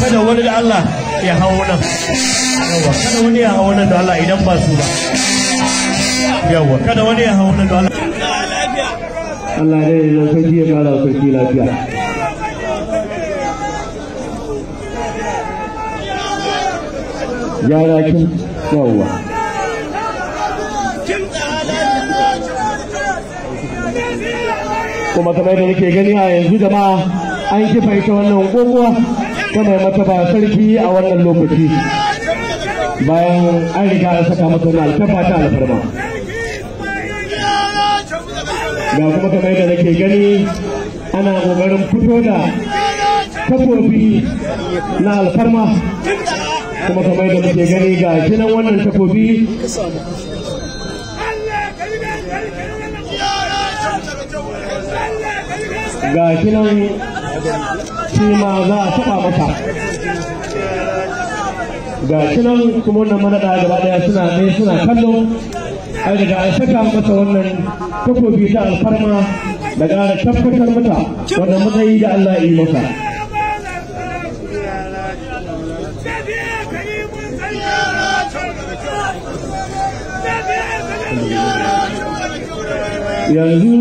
kada wani da Allah ya hau nan yawa kada wani ya hau nan da Allah idan ba su ba yawa kada wani ya hau nan da Allah Allah dai lokaci ya kara sarki lafiya ya kin yawa kuma kamar da nake gani a yanzu jama'a an kifa ita wannan gogowa ta mata ba sarki a wannan lokaci bayan an riga an saka mata na alfafa ta alfarma ga kuma kamar yadda nake gani ana kokarin fito da takobi na alfarma kuma kamar yadda muke gani ga kinan wannan takobi ga nan shi ma za a taɓa mata ga shi nan kuma wannan manaɗa gaba ɗaya suna ne suna kallo ai daga an saka masa wannan takobi ta alfarma da ƙara tabbatar mata wannan da Allah yi mata yanzu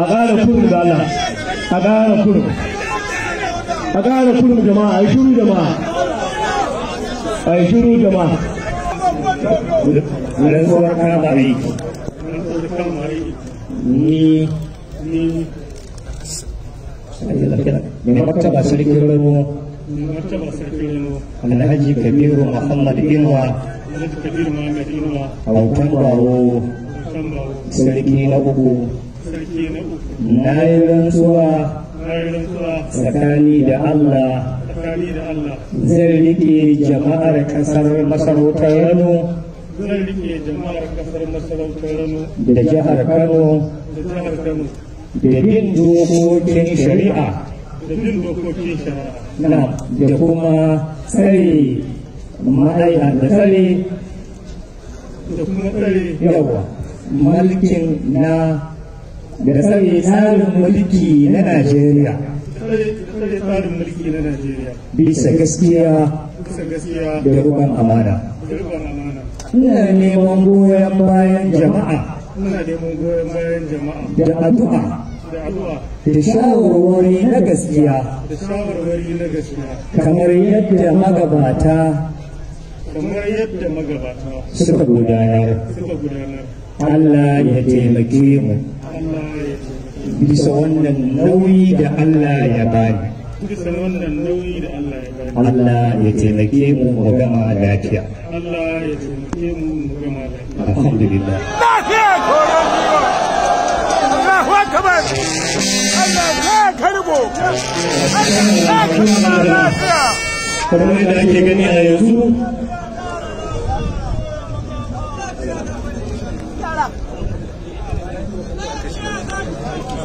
a ƙara kudu da Allah a ƙara kurum a ƙara jama'a a shiru jama'a a shiru jama'a mai martaba sarkin ruwa alhaji kabiru muhammad inuwa a sarki na uku sarki na yi rantsuwa tsakani da Allah zai rike jama'ar kasar masarautar Rano da jihar Kano da bin dokokin shari'a da shari'a da kuma tsare ma'aikata da tsare da yawa mulkin na da sauye tsarin mulki na Najeriya. Bisa gaskiya da ruban amana. Ina neman goyon bayan jama'a. Da addu'a. Da shawarwari na gaskiya. Kamar yadda magabata kamar yadda magabata suka gudanar Allah ya taimake mu bisa wannan nauyi da Allah ya bani Allah ya taimake mu mu gama lafiya Allah ya Allah ya karbo Allah ya da gani a yanzu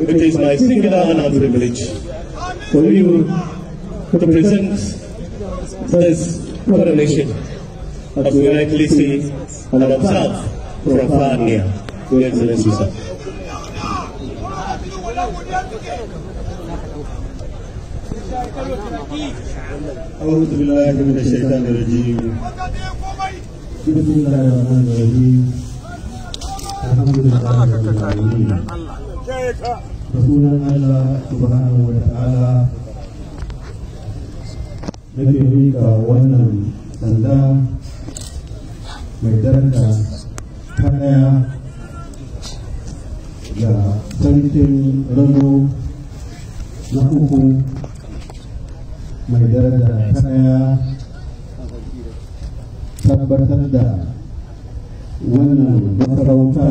It is my singular honor privilege for you to present this coronation as we rightly see and observe from far near. Your Excellency, sir. أعوذ بالله من الشيطان الرجيم بسم الله الرحمن الرحيم الحمد لله رب العالمين da sunan Allah subhanahu wa ta'ala nake mika wannan sanda mai daraja ta daya ga sarkin rano na uku mai daraja ta daya tabbatar da wannan masarauta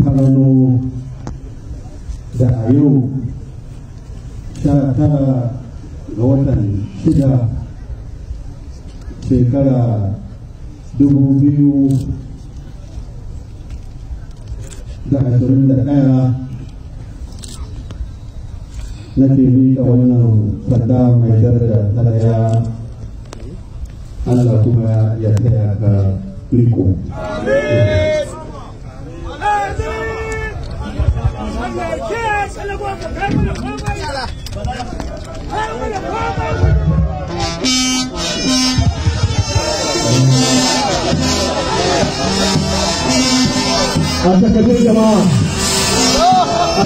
ta rano da a yau sha tara watan shida shekara dubu biyu da ɗaya nake miƙa wannan sanda mai ga riko. Hasta que llegue más.